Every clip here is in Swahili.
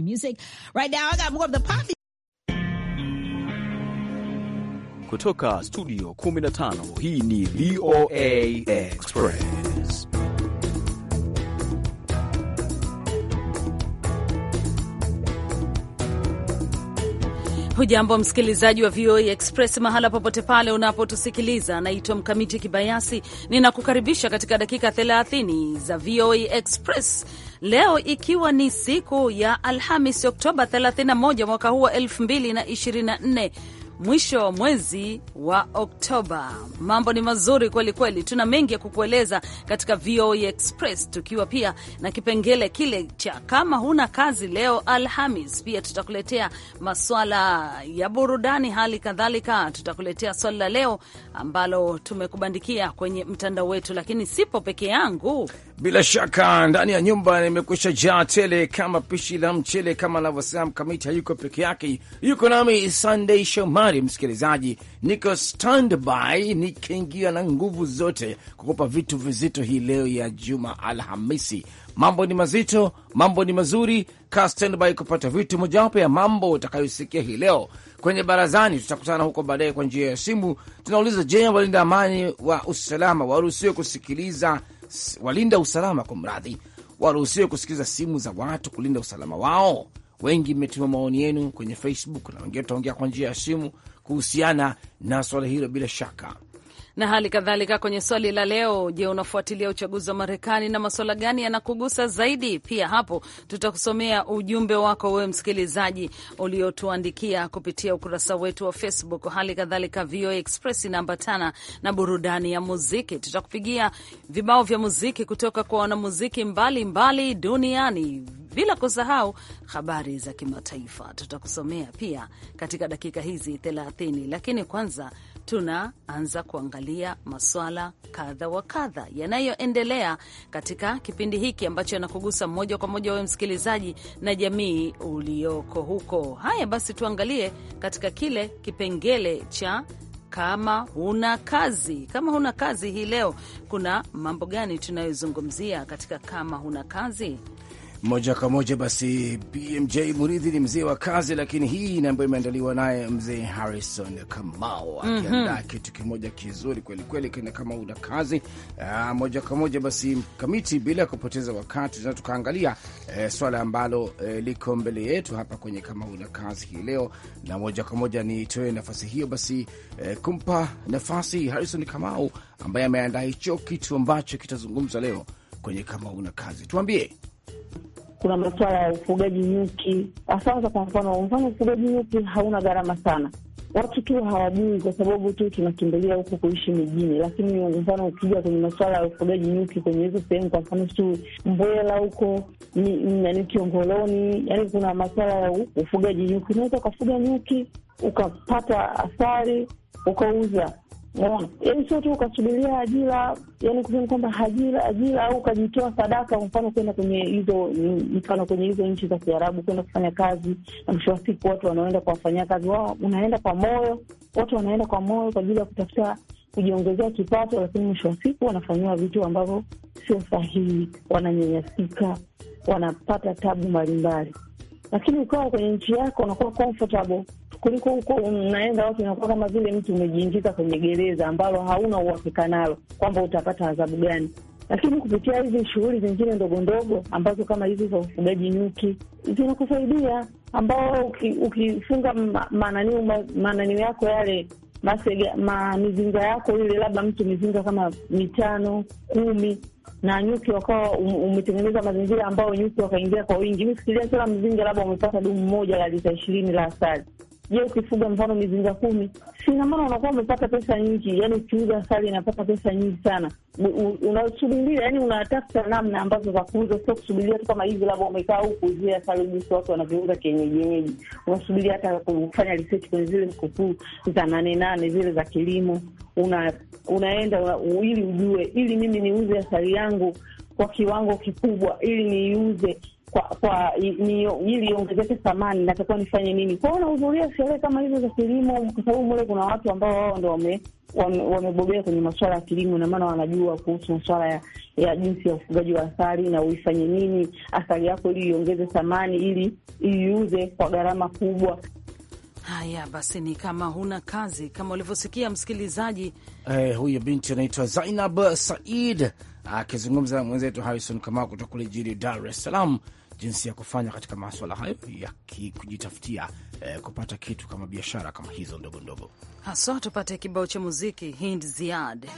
music. Right now I got more of the poppy. kutoka studio 15 hii ni VOA Express. Hujambo msikilizaji wa VOA Express mahala popote pale unapotusikiliza. Naitwa Mkamiti Kibayasi, ninakukaribisha katika dakika 30 za VOA Express leo ikiwa ni siku ya Alhamis Oktoba 31 mwaka huu wa 2024 mwisho wa mwezi wa Oktoba. Mambo ni mazuri kweli kweli, tuna mengi ya kukueleza katika VOA e Express, tukiwa pia na kipengele kile cha kama huna kazi leo Alhamis. Pia tutakuletea maswala ya burudani, hali kadhalika tutakuletea swali la leo ambalo tumekubandikia kwenye mtandao wetu, lakini sipo peke yangu. Bila shaka ndani ya nyumba nimekwisha jaa tele kama pishi la mchele, kama anavyosema Mkamiti hayuko peke yake, yuko nami Sunday Shomari tayari msikilizaji, niko standby nikiingia na nguvu zote kukupa vitu vizito hii leo ya juma Alhamisi. Mambo ni mazito, mambo ni mazuri. Kaa standby kupata vitu. Mojawapo ya mambo utakayosikia hii leo kwenye barazani, tutakutana huko baadaye kwa njia ya simu. Tunauliza, je, walinda amani wa usalama waruhusiwe kusikiliza, walinda usalama kwa mradhi, waruhusiwe kusikiliza simu za watu kulinda usalama wao? wengi mmetuma maoni yenu kwenye Facebook na wengine tutaongea kwa njia ya simu kuhusiana na swala hilo. Bila shaka na hali kadhalika kwenye swali la leo, je, unafuatilia uchaguzi wa Marekani na maswala gani yanakugusa zaidi? Pia hapo tutakusomea ujumbe wako wewe msikilizaji uliotuandikia kupitia ukurasa wetu wa Facebook. Hali kadhalika VOA Express inaambatana na burudani ya muziki, tutakupigia vibao vya muziki kutoka kwa wanamuziki mbalimbali duniani bila kusahau habari za kimataifa tutakusomea pia katika dakika hizi 30, lakini kwanza tunaanza kuangalia maswala kadha wa kadha yanayoendelea katika kipindi hiki ambacho yanakugusa moja kwa moja wewe msikilizaji na jamii ulioko huko. Haya basi, tuangalie katika kile kipengele cha kama huna kazi. Kama huna kazi hii leo, kuna mambo gani tunayozungumzia katika kama huna kazi? moja kwa moja. Basi BMJ Muridhi ni mzee wa kazi, lakini hii ni ambayo imeandaliwa naye mzee Harrison Kamau akiandaa mm -hmm. kitu kimoja kizuri kwelikweli, kina kama una kazi uh, moja kwa moja basi kamiti, bila kupoteza wakati na tukaangalia uh, swala ambalo uh, liko mbele yetu hapa kwenye kama una kazi hii leo, na moja kwa moja nitoe nafasi hiyo basi uh, kumpa nafasi Harrison Kamau ambaye ameandaa hicho kitu ambacho kitazungumza leo kwenye kama una kazi, tuambie kuna masuala ya ufugaji nyuki. asasa kwa mfano, mfano ufugaji nyuki hauna gharama sana, watu tu hawajui, kwa sababu tu tunakimbilia huku kuishi mijini. Lakini mfano ukija kwenye masuala ya ufugaji nyuki kwenye hizo sehemu, kwa mfano tu Mbwela huko ni Kiongoloni, yani kuna masuala ya ufugaji nyuki, unaweza ukafuga nyuki ukapata asari ukauza Naona yaani sio tu ukasubiria ajira, yaani kusema kwamba ajira ajira, au ukajitoa sadaka, kwa mfano kwenda kwenye hizo mfano kwenye hizo nchi za Kiarabu kwenda kufanya kazi, na mwisho wa siku watu wanaenda kuwafanyia kazi wao, unaenda kwa moyo, watu wanaenda kwa moyo kwa ajili ya kutafuta kujiongezea kipato, lakini mwisho wa siku wanafanyiwa vitu ambavyo sio sahihi, wananyanyasika, wanapata tabu mbalimbali. Lakini ukawa kwenye nchi yako unakuwa comfortable kuliko huko unaenda watu, inakuwa kama vile mtu umejiingiza kwenye gereza ambalo hauna uhakika nalo kwamba utapata adhabu gani lakini kupitia hizi shughuli zingine ndogo ndogo ambazo kama hizi za ufugaji nyuki zinakusaidia, ambao ukifunga uki mananiu mananiu yako yale masega ma, mizinga yako ile, labda mtu mizinga kama mitano kumi, na nyuki wakawa um, umetengeneza mazingira ambayo nyuki wakaingia kwa wingi. Mi fikiria kila mzinga labda umepata dumu moja la lita ishirini la asali. Je, ukifuga mfano mizinga kumi, sina maana unakuwa umepata pesa nyingi. Yani ukiuza asali inapata pesa nyingi sana, unasubiria yani unatafuta namna ambazo za kuuza, sio kusubiria tu kama hivi, labda umekaa huku uzie asali jinsi watu wanavyouza kienyeji yenyeji. Unasubiria hata kufanya research kwenye zile sikukuu za nane nane zile za kilimo, una unaenda ili ujue, ili mimi niuze asali yangu kwa kiwango kikubwa, ili niiuze kwa kwa ili iongezeke thamani, natakuwa nifanye nini? Kwao unahudhuria sherehe kama hizo za kilimo, kwa sababu mule kuna watu ambao wao ndo wame wamebobea kwenye masuala ya kilimo, ina maana wanajua kuhusu masuala ya, ya jinsi ya ufugaji wa asali na uifanye nini asali yako ili iongeze thamani, ili iuze kwa gharama kubwa. Haya basi, ni kama huna kazi, kama ulivyosikia msikilizaji. Eh, huyu binti anaitwa Zainab Said akizungumza na mwenzetu Harrison Kamau kutoka kule jijini Dar es Salaam jinsi ya kufanya katika maswala hayo ya kujitafutia eh, kupata kitu kama biashara kama hizo ndogo ndogo. Haswa tupate kibao cha muziki Hind Ziad.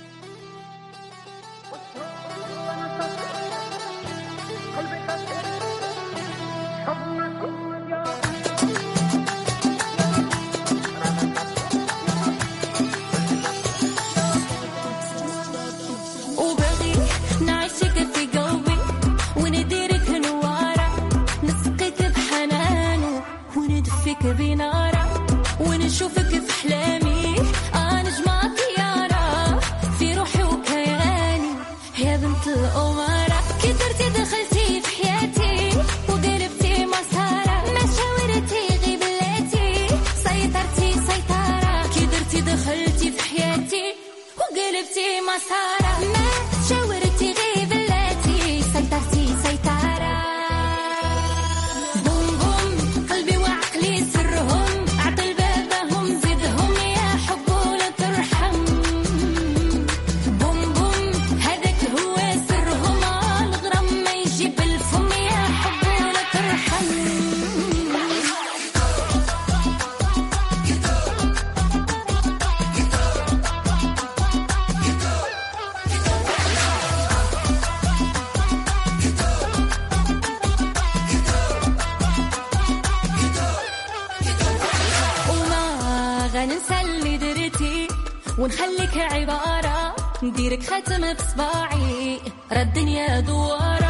عبارة نديرك خاتم صباعي ردني الدنيا دوارة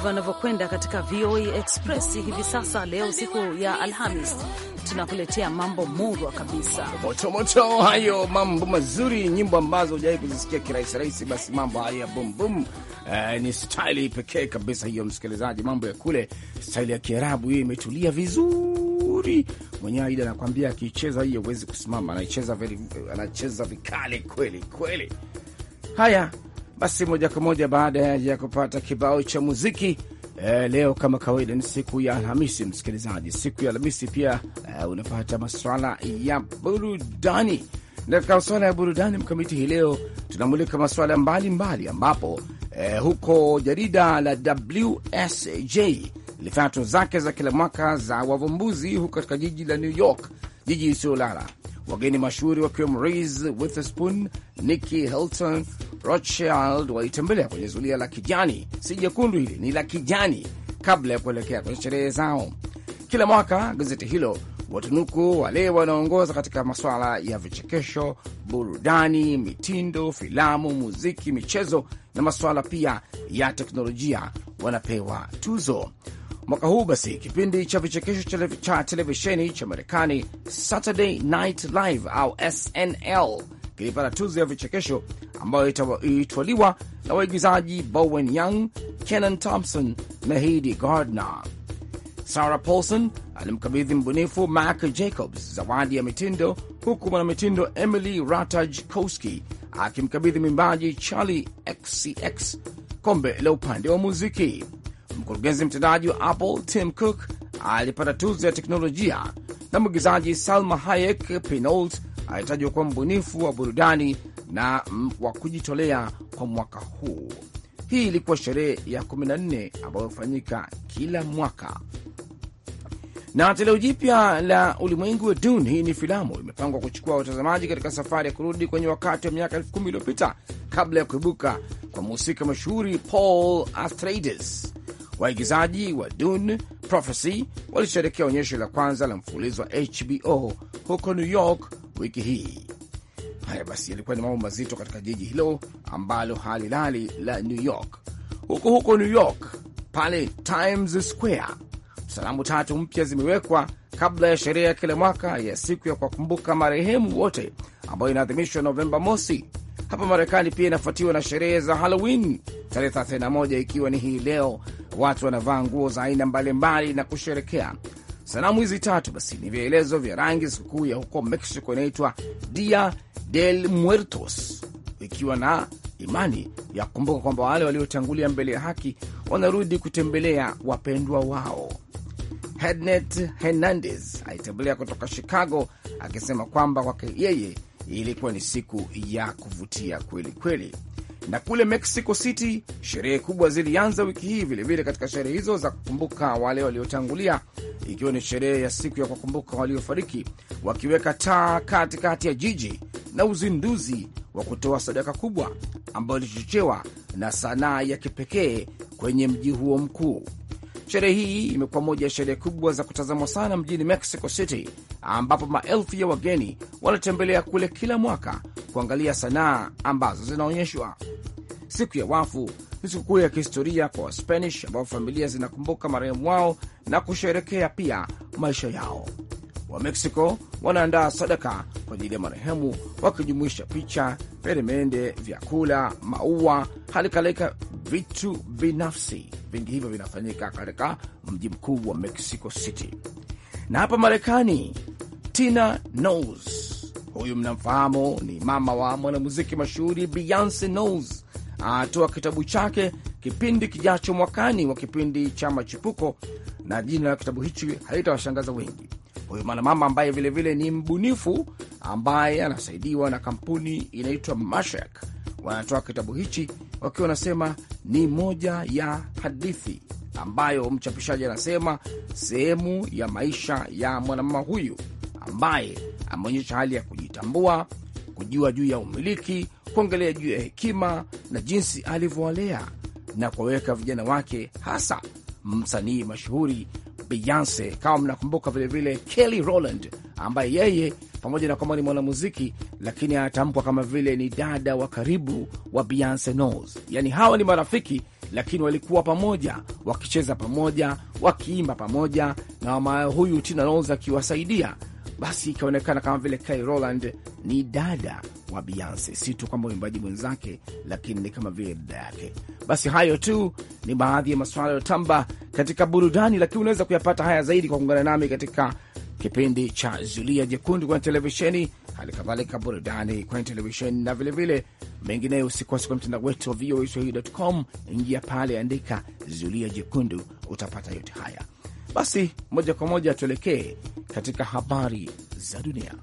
ndivyo anavyokwenda katika VOA e Express hivi sasa. Leo siku ya Alhamis, tunakuletea mambo murwa kabisa, motomoto moto, hayo, mambo mazuri, nyimbo ambazo hujawahi kuzisikia kirahisi rahisi. Basi mambo haya bumbum Uh, eh, ni staili pekee kabisa hiyo, msikilizaji. Mambo ya kule staili ya Kiarabu hiyo imetulia vizuri, mwenyewe Aida anakwambia akiicheza hiyo huwezi kusimama, anaicheza anacheza vikali kweli kweli. Haya, basi moja kwa moja baada ya kupata kibao cha muziki eh, leo kama kawaida ni siku ya Alhamisi, msikilizaji. Siku ya Alhamisi pia eh, unapata maswala ya burudani, na katika maswala ya burudani mkamiti, hii leo tunamulika maswala mbalimbali ambapo eh, huko jarida la WSJ lilifanya tuzo zake za kila mwaka za wavumbuzi huko katika jiji la New York, jiji isiyolala wageni mashuhuri wakiwemo Reese Witherspoon, Nikki Hilton, Rothschild walitembelea kwenye zulia la kijani, si jekundu, hili ni la kijani, kabla ya kuelekea kwenye sherehe zao. Kila mwaka gazeti hilo watunuku wale wanaongoza katika masuala ya vichekesho, burudani, mitindo, filamu, muziki, michezo na masuala pia ya teknolojia wanapewa tuzo. Mwaka huu basi kipindi cha vichekesho cha televisheni cha Marekani Saturday Night Live au SNL kilipata tuzo ya vichekesho ambayo ilitwaliwa na waigizaji Bowen Young, Kenan Thompson na Heidi Gardner. Sarah Paulson alimkabidhi mbunifu mac Jacobs zawadi ya mitindo, huku mwanamitindo Emily Ratajkowski akimkabidhi mwimbaji charlie XCX kombe la upande wa muziki. Mkurugenzi mtendaji wa Apple Tim Cook alipata tuzo ya teknolojia na mwigizaji Salma Hayek Pinault alitajwa kuwa mbunifu wa burudani na wa kujitolea kwa mwaka huu. Hii ilikuwa sherehe ya 14 ambayo hufanyika kila mwaka. Na toleo jipya la ulimwengu wa Dune, hii ni filamu, imepangwa kuchukua watazamaji katika safari ya kurudi kwenye wakati wa miaka elfu kumi iliyopita kabla ya kuibuka kwa mhusika mashuhuri Paul Atreides. Waigizaji wa Dune Prophecy walisherekea onyesho la kwanza la mfululizo wa HBO huko New York wiki hii. Haya basi, yalikuwa ni mambo mazito katika jiji hilo ambalo hali lali la New York. Huko huko New York, pale Times Square, salamu tatu mpya zimewekwa kabla ya sherehe ya kila mwaka ya siku ya kuwakumbuka marehemu wote ambayo inaadhimishwa Novemba mosi. Hapa Marekani pia inafuatiwa na sherehe za Halloween tarehe 31 ikiwa ni hii leo. Watu wanavaa nguo za aina mbalimbali na kusherekea. Sanamu hizi tatu basi ni vielelezo vya rangi sikukuu ya huko Mexico inaitwa Dia del Muertos, ikiwa na imani ya kukumbuka kwamba wale waliotangulia mbele ya haki wanarudi kutembelea wapendwa wao. Hednet Hernandez alitembelea kutoka Chicago akisema kwamba kwake yeye ilikuwa ni siku ya kuvutia kweli kweli. Na kule Mexico City sherehe kubwa zilianza wiki hii vilevile, katika sherehe hizo za kukumbuka wale waliotangulia, ikiwa ni sherehe ya siku ya kuwakumbuka waliofariki, wakiweka taa katikati ya jiji na uzinduzi wa kutoa sadaka kubwa ambayo ilichochewa na sanaa ya kipekee kwenye mji huo mkuu. Sherehe hii imekuwa moja ya sherehe kubwa za kutazamwa sana mjini Mexico City, ambapo maelfu ya wageni wanatembelea kule kila mwaka kuangalia sanaa ambazo zinaonyeshwa. Siku ya wafu ni sikukuu ya kihistoria kwa Waspanish ambao familia zinakumbuka marehemu wao na kusherekea pia maisha yao. wamexico wanaandaa sadaka kwa ajili ya marehemu wakijumuisha picha, peremende, vyakula, maua, hali kadhalika vitu binafsi. Vingi hivyo vinafanyika katika mji mkuu wa Mexico City. Na hapa Marekani, Tina Knowles Huyu mnamfahamu ni mama wa mwanamuziki mashuhuri Beyonce Knowles. Atoa kitabu chake kipindi kijacho mwakani wa kipindi cha machipuko, na jina la kitabu hichi haitawashangaza wengi. Huyu mwanamama ambaye vilevile vile ni mbunifu ambaye anasaidiwa na kampuni inaitwa Mashak, wanatoa kitabu hichi wakiwa wanasema ni moja ya hadithi ambayo mchapishaji anasema sehemu ya maisha ya mwanamama huyu ambaye ameonyesha hali ya kujitambua, kujua juu ya umiliki, kuongelea juu ya hekima na jinsi alivyowalea na kuwaweka vijana wake, hasa msanii mashuhuri Beyonce, kama mnakumbuka, vilevile Kelly Rowland ambaye yeye pamoja na kwamba ni mwanamuziki lakini anatamkwa kama vile ni dada wa karibu wa Beyonce Knowles. Yani hawa ni marafiki, lakini walikuwa pamoja wakicheza pamoja wakiimba pamoja, na mama huyu Tina Knowles akiwasaidia basi ikaonekana kama vile Kai Roland ni dada wa Beyonce, si tu kwamba mwimbaji mwenzake, lakini ni kama vile dada yake. Basi hayo tu ni baadhi ya masuala yaliyotamba katika burudani, lakini unaweza kuyapata haya zaidi kwa kuungana nami katika kipindi cha Zulia Jekundu kwenye televisheni, hali kadhalika burudani kwenye televisheni na vilevile mengineyo. Usikose kwenye mtandao wetu wa voa swahili.com, ingia pale, andika Zulia Jekundu, utapata yote haya. Basi moja kwa moja tuelekee katika habari za dunia.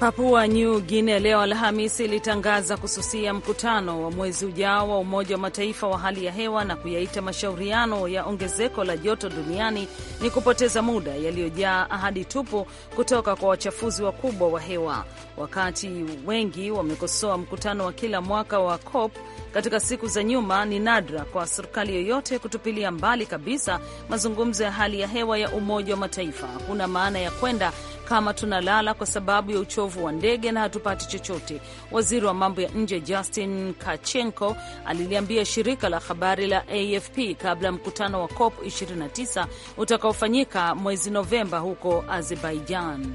Papua New Guinea leo Alhamisi ilitangaza kususia mkutano wa mwezi ujao wa Umoja wa Mataifa wa hali ya hewa na kuyaita mashauriano ya ongezeko la joto duniani ni kupoteza muda, yaliyojaa ahadi tupu kutoka kwa wachafuzi wakubwa wa hewa. Wakati wengi wamekosoa mkutano wa kila mwaka wa COP katika siku za nyuma, ni nadra kwa serikali yoyote kutupilia mbali kabisa mazungumzo ya hali ya hewa ya Umoja wa Mataifa. Hakuna maana ya kwenda kama tunalala kwa sababu ya uchovu wa ndege na hatupati chochote. Waziri wa mambo ya nje Justin Kachenko aliliambia shirika la habari la AFP kabla ya mkutano wa COP 29 utakaofanyika mwezi Novemba huko Azerbaijan.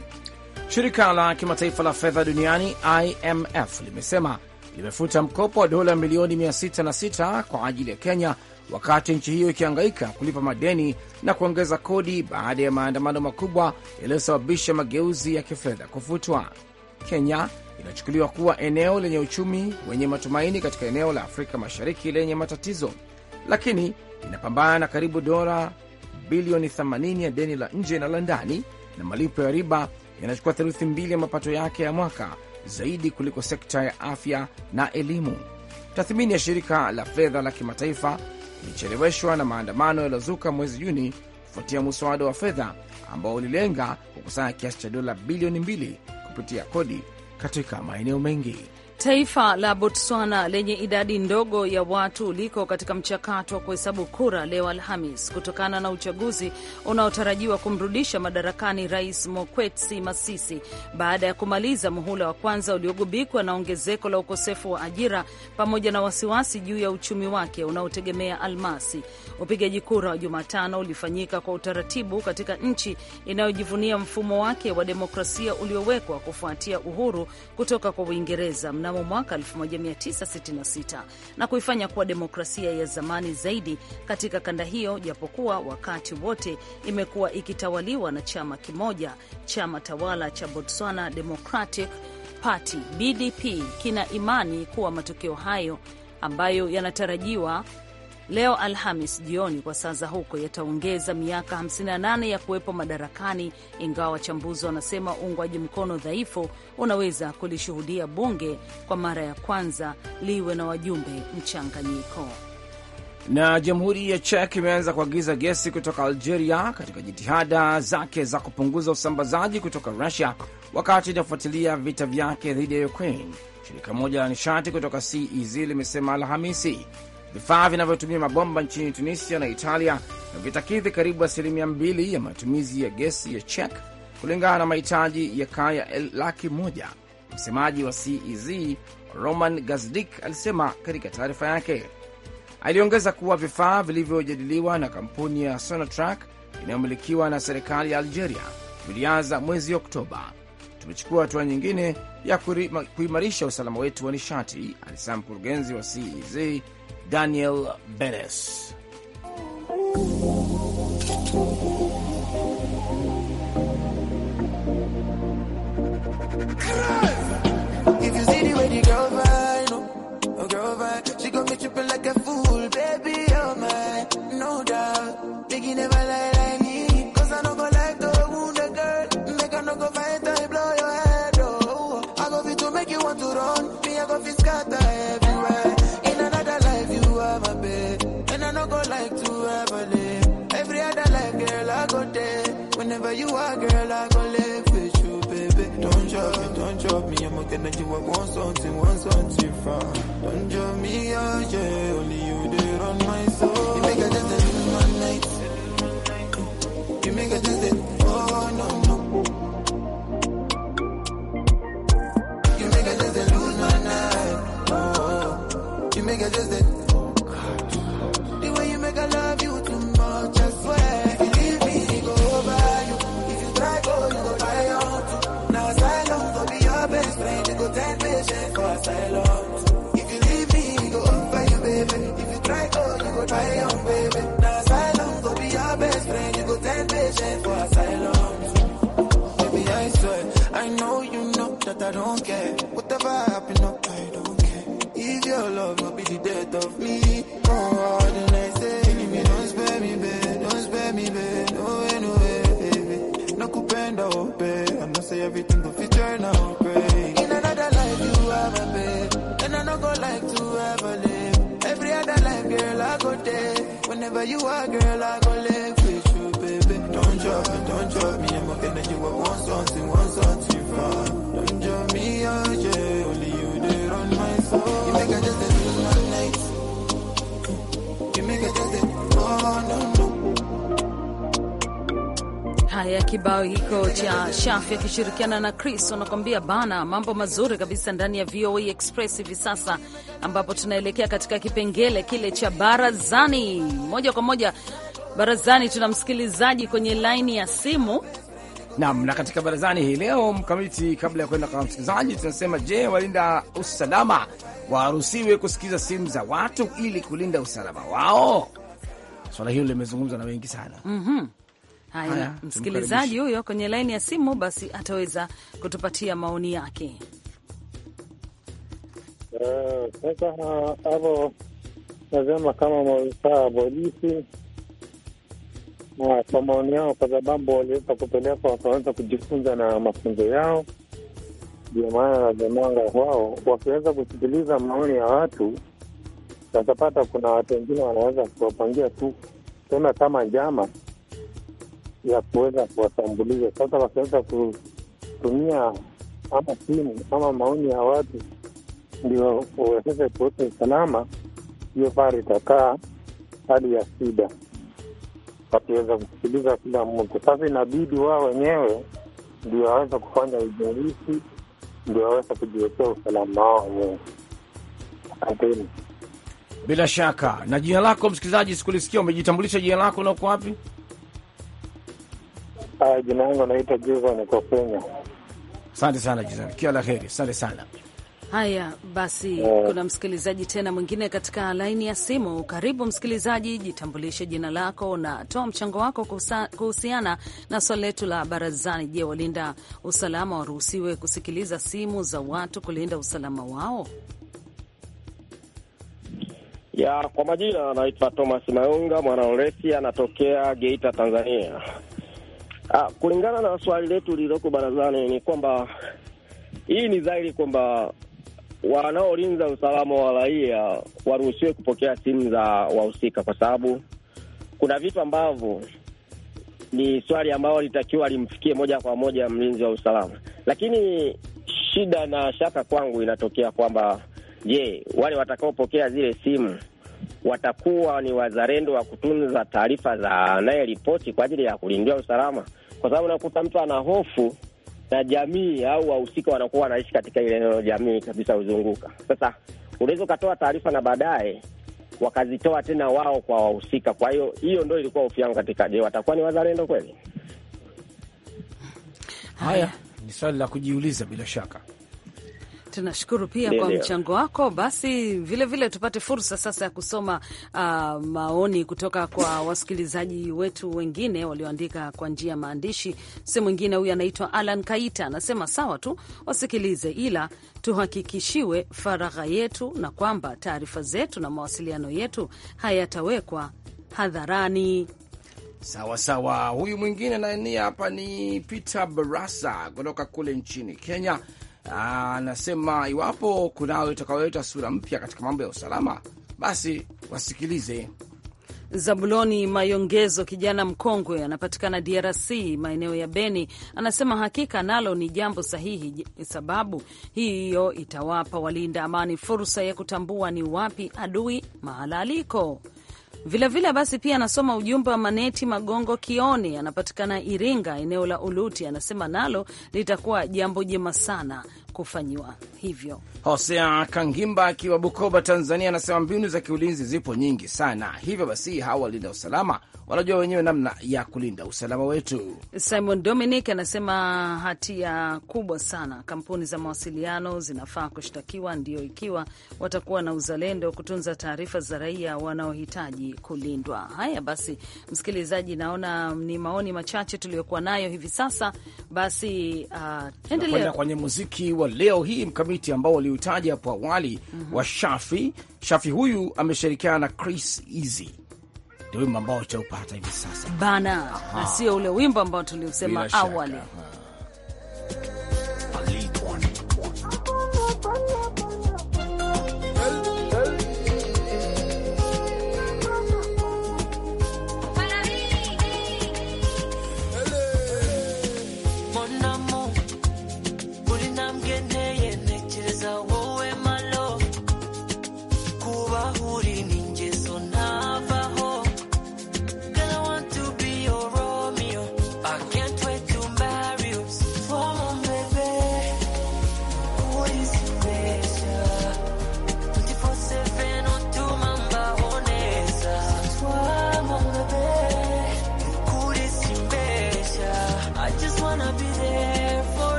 Shirika la kimataifa la fedha duniani IMF limesema limefuta mkopo wa dola milioni 606 kwa ajili ya Kenya wakati nchi hiyo ikihangaika kulipa madeni na kuongeza kodi baada ya maandamano makubwa yaliyosababisha mageuzi ya kifedha kufutwa. Kenya inachukuliwa kuwa eneo lenye uchumi wenye matumaini katika eneo la Afrika Mashariki lenye matatizo, lakini inapambana na karibu dola bilioni 80 ya deni la nje na la ndani, na malipo ya riba yanachukua theluthi mbili ya mapato yake ya mwaka, zaidi kuliko sekta ya afya na elimu. Tathmini ya shirika la fedha la kimataifa ilicheleweshwa na maandamano yaliyozuka mwezi Juni kufuatia muswada wa fedha ambao ulilenga kukusanya kiasi cha dola bilioni mbili kupitia kodi katika maeneo mengi. Taifa la Botswana lenye idadi ndogo ya watu liko katika mchakato wa kuhesabu kura leo Alhamis kutokana na uchaguzi unaotarajiwa kumrudisha madarakani Rais Mokwetsi Masisi baada ya kumaliza muhula wa kwanza uliogubikwa na ongezeko la ukosefu wa ajira pamoja na wasiwasi juu ya uchumi wake unaotegemea almasi. Upigaji kura wa Jumatano ulifanyika kwa utaratibu katika nchi inayojivunia mfumo wake wa demokrasia uliowekwa kufuatia uhuru kutoka kwa Uingereza mnamo mwaka 1966 na kuifanya kuwa demokrasia ya zamani zaidi katika kanda hiyo, japokuwa wakati wote imekuwa ikitawaliwa na chama kimoja. Chama tawala cha Botswana Democratic Party BDP kina imani kuwa matokeo hayo ambayo yanatarajiwa leo Alhamis jioni kwa saa za huko yataongeza miaka 58 ya kuwepo madarakani, ingawa wachambuzi wanasema uungwaji mkono dhaifu unaweza kulishuhudia bunge kwa mara ya kwanza liwe na wajumbe mchanganyiko. Na jamhuri ya chek imeanza kuagiza gesi kutoka Algeria katika jitihada zake za kupunguza usambazaji kutoka Rusia wakati inafuatilia vita vyake dhidi ya Ukraine. Shirika moja la nishati kutoka CEZ limesema Alhamisi Vifaa vinavyotumia mabomba nchini Tunisia na Italia vitakidhi karibu asilimia mbili ya matumizi ya gesi ya chek kulingana na mahitaji ya kaya laki moja. Msemaji wa CEZ Roman Gazdik alisema katika taarifa yake. Aliongeza kuwa vifaa vilivyojadiliwa na kampuni ya Sonatrak inayomilikiwa na serikali ya Algeria vilianza mwezi Oktoba. Tumechukua hatua nyingine ya kuimarisha usalama wetu wa nishati, alisema mkurugenzi wa CEZ Daniel Benes. where you are, girl, I gon' live with you, baby. Don't drop me, don't drop me. I'm going okay, that you want something, want something from. Don't drop me, oh yeah, only you did on my soul. You make a just a my night. You make a just a, oh no. You make a just a lose my night. Oh, oh. you make a just a. silent. If you leave me, you go up by your baby. If you try go, you go try on baby. Now silent, go be your best friend. You go tell patient for asylum. Baby, I swear, I know you know that I don't care. Whatever happen, no, I don't care. If your love will be the death of me, no I say. Don't spare me, babe. Don't spare me, babe. No way, no way, baby. No kupenda, oh, babe. I know say everything. day. Whenever you are, girl, I go live with you, baby. Don't drop me, don't drop me. I'm gonna you. I want something, want something fun. Don't drop me, oh yeah. Haya, kibao hiko cha Shafi akishirikiana na Chris wanakuambia bana, mambo mazuri kabisa ndani ya VOA e Express hivi sasa, ambapo tunaelekea katika kipengele kile cha barazani. Moja kwa moja barazani, tuna msikilizaji kwenye laini ya simu nam. Na katika barazani hii leo Mkamiti, kabla ya kuenda kwa msikilizaji, tunasema je, walinda usalama waruhusiwe kusikiza simu za watu ili kulinda usalama wao? Swala hilo limezungumzwa na wengi sana. mm -hmm. Haya, msikilizaji huyo kwenye laini ya simu, basi ataweza kutupatia maoni yake. Eh, sasa hapo nasema kama maafisa wa polisi kwa maoni yao, kwa sababu waliweza kupelekwa wakaweza kujifunza na mafunzo yao, ndio maana nasemanga wao wakiweza kusikiliza maoni ya watu watapata. Kuna watu wengine wanaweza kuwapangia tu tena kama njama ya kuweza kuwatambulisha. Sasa wakiweza kutumia ama simu ama maoni ya watu ndio uwezeze kuweka usalama, hiyo bara itakaa hali ya shida, wakiweza kusikiliza kila mtu. Sasa inabidi wao wenyewe ndio waweza kufanya ujumlisi, ndio waweza kujiwekea usalama wao wenyewe. Asanteni. Bila shaka. Na jina lako msikilizaji, sikulisikia, umejitambulisha jina lako na uko wapi? Uh, jina langu naitwa Asante sana Jizoni, kila la heri. Asante sana. Haya basi, yeah. Kuna msikilizaji tena mwingine katika laini ya simu. Karibu msikilizaji, jitambulishe jina lako na toa mchango wako kuhusiana na swala letu la barazani. Je, walinda usalama waruhusiwe kusikiliza simu za watu kulinda usalama wao? Ya, kwa majina anaitwa Thomas Mayunga mwanaoresi anatokea Geita, Tanzania. Ah, kulingana na swali letu lililoko barazani ni kwamba hii ni dhahiri kwamba wanaolinda usalama wa raia waruhusiwe kupokea simu za wahusika, kwa sababu kuna vitu ambavyo ni swali ambalo litakiwa limfikie moja kwa moja mlinzi wa usalama. Lakini shida na shaka kwangu inatokea kwamba, je, wale watakaopokea zile simu watakuwa ni wazalendo wa kutunza taarifa za anayeripoti kwa ajili ya kulindia usalama? kwa sababu unakuta mtu ana hofu na jamii au wahusika wanakuwa wanaishi katika ile eneo jamii kabisa huzunguka. Sasa unaweza ukatoa taarifa na baadaye wakazitoa tena wao kwa wahusika. Kwa hiyo hiyo ndo ilikuwa hofu yangu katika, je, watakuwa ni wazalendo kweli? Haya ni swali la kujiuliza bila shaka. Tunashukuru pia Lilio, kwa mchango wako. Basi vilevile vile tupate fursa sasa ya kusoma uh, maoni kutoka kwa wasikilizaji wetu wengine walioandika kwa njia ya maandishi. Sehemu ingine, huyu anaitwa Alan Kaita anasema sawa tu wasikilize, ila tuhakikishiwe faragha yetu na kwamba taarifa zetu na mawasiliano yetu hayatawekwa hadharani. Sawa sawa. Huyu mwingine naenia hapa ni Peter Barasa kutoka kule nchini Kenya Ah, anasema iwapo kunao itakaoleta sura mpya katika mambo ya usalama, basi wasikilize. Zabuloni Mayongezo, kijana mkongwe, anapatikana DRC maeneo ya Beni, anasema hakika nalo ni jambo sahihi, sababu hiyo itawapa walinda amani fursa ya kutambua ni wapi adui mahala aliko. Vilevile basi pia anasoma ujumbe wa Maneti Magongo Kioni, anapatikana Iringa, eneo la Uluti. Anasema nalo litakuwa jambo jema sana kufanyiwa hivyo. Hosea Kangimba akiwa Bukoba, Tanzania, anasema mbinu za kiulinzi zipo nyingi sana, hivyo basi hawa walinda usalama wanajua wenyewe namna ya kulinda usalama wetu. Simon Dominic anasema hatia kubwa sana, kampuni za mawasiliano zinafaa kushtakiwa, ndio ikiwa watakuwa na uzalendo kutunza taarifa za raia wanaohitaji kulindwa. Haya basi, msikilizaji, naona ni maoni machache tuliyokuwa nayo hivi sasa. Basi uh, endelea kwenye muziki wa leo hii mkamiti ambao waliutaja hapo awali mm -hmm. wa mhm. Shafi Shafi huyu ameshirikiana na Chris Easy ndio wimbo ambao utaupata hivi sasa bana, na sio ule wimbo ambao tuliusema awali.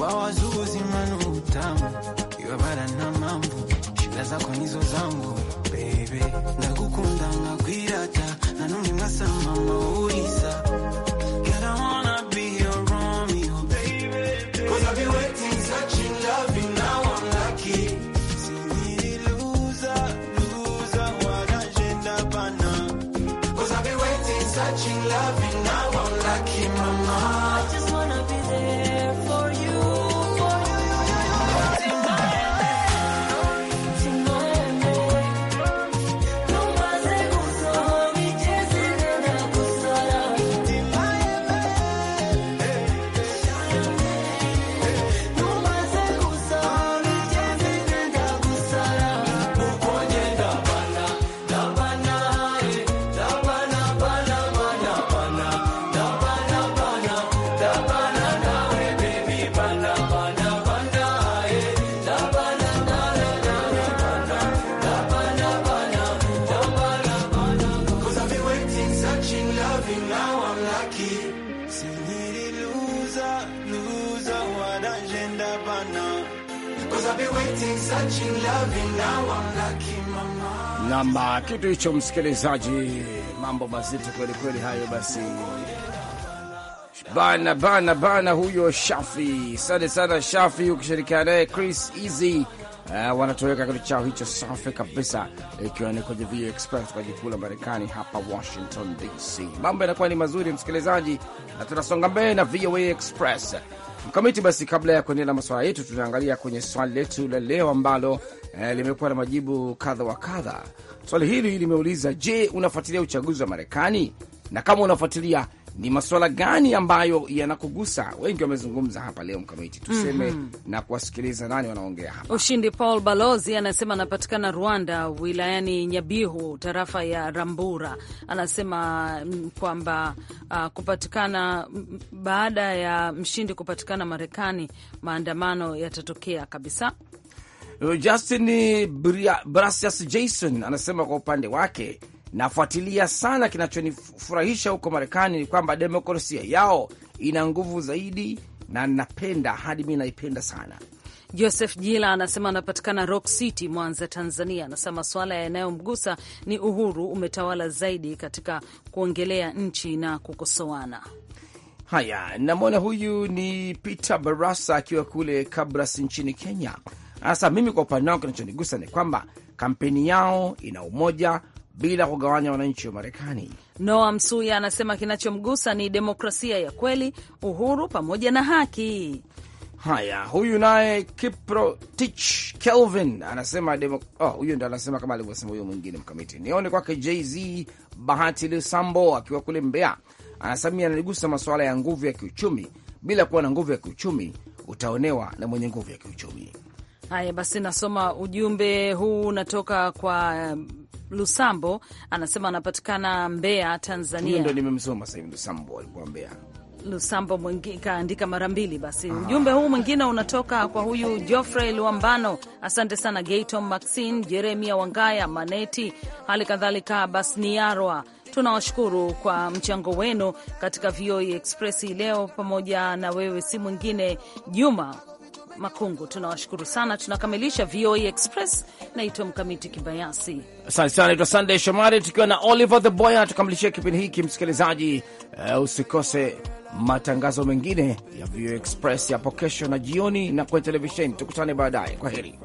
wawazuzi manuvu utamu iwe na mambo shida zako nizo zangu bebe ndagukunda nkagwirata nanone mwasama mawuriza Nama kitu hicho, msikilizaji, mambo mazito kweli kweli hayo. Basi bana bana bana, huyo Shafi, asante sana Shafi, ukishirikiana naye Chris Easy. Uh, eh, wanatoweka kitu chao hicho safi kabisa, ikiwa ni kwenye VOA Express kwa jikuu la Marekani hapa Washington DC. Mambo yanakuwa ni mazuri, msikilizaji, na tunasonga mbele na VOA Express. Mkamiti, basi kabla ya kuendelea na masuala yetu, tunaangalia kwenye swali letu la leo ambalo eh, limekuwa na majibu kadha wa kadha. Swali hili limeuliza, je, unafuatilia uchaguzi wa Marekani? Na kama unafuatilia, ni masuala gani ambayo yanakugusa? Wengi wamezungumza hapa leo mkamiti, tuseme mm -hmm. na kuwasikiliza nani wanaongea hapa. Ushindi Paul Balozi anasema anapatikana Rwanda, wilayani Nyabihu, tarafa ya Rambura. Anasema mm, kwamba uh, kupatikana mm, baada ya mshindi kupatikana Marekani, maandamano yatatokea kabisa. Justin Brasias Jason anasema kwa upande wake nafuatilia sana. Kinachonifurahisha huko Marekani ni kwamba demokrasia yao ina nguvu zaidi, na napenda hadi mi naipenda sana. Joseph Jila anasema anapatikana Rock City, Mwanza, Tanzania. Anasema masuala yanayomgusa ni uhuru umetawala zaidi katika kuongelea nchi na kukosoana. Haya, namwona huyu ni Peter Barasa akiwa kule Kabras nchini Kenya. Sasa mimi kwa upande wangu, kinachonigusa ni kwamba kampeni yao ina umoja bila kugawanya wananchi wa Marekani. Noa Msuya anasema kinachomgusa ni demokrasia ya kweli, uhuru pamoja na haki. Haya, huyu naye Kiprotich Kelvin anasema demo... oh, huyu ndo anasema kama alivyosema huyo mwingine mkamiti. Nione kwake JZ Bahati Lusambo akiwa kule Mbeya, anasema analigusa masuala ya nguvu ya kiuchumi. Bila kuwa na nguvu ya kiuchumi, utaonewa na mwenye nguvu ya kiuchumi. Haya basi, nasoma ujumbe huu unatoka kwa Lusambo anasema anapatikana Mbeya, Tanzania. Ndio nimemsoma sasa hivi, Lusambo alikuwa Mbeya. Lusambo mwingi kaandika mara mbili. Basi ujumbe ah. huu mwingine unatoka kwa huyu Geoffrey Luambano, asante sana Gaiton Maxine, Jeremia Wangaya, Maneti, hali kadhalika Basniarwa. Tunawashukuru kwa mchango wenu katika VOA e Express hii leo, pamoja na wewe si mwingine Juma Makungu. Tunawashukuru sana, tunakamilisha VOA Express. Naitwa Mkamiti Kibayasi, asante sana. Naitwa Sunday Shomari, tukiwa na Oliver the Boy atukamilishia kipindi hiki. Msikilizaji, uh, usikose matangazo mengine ya VOA Express hapo kesho na jioni na kwenye televisheni. Tukutane baadaye, kwa heri.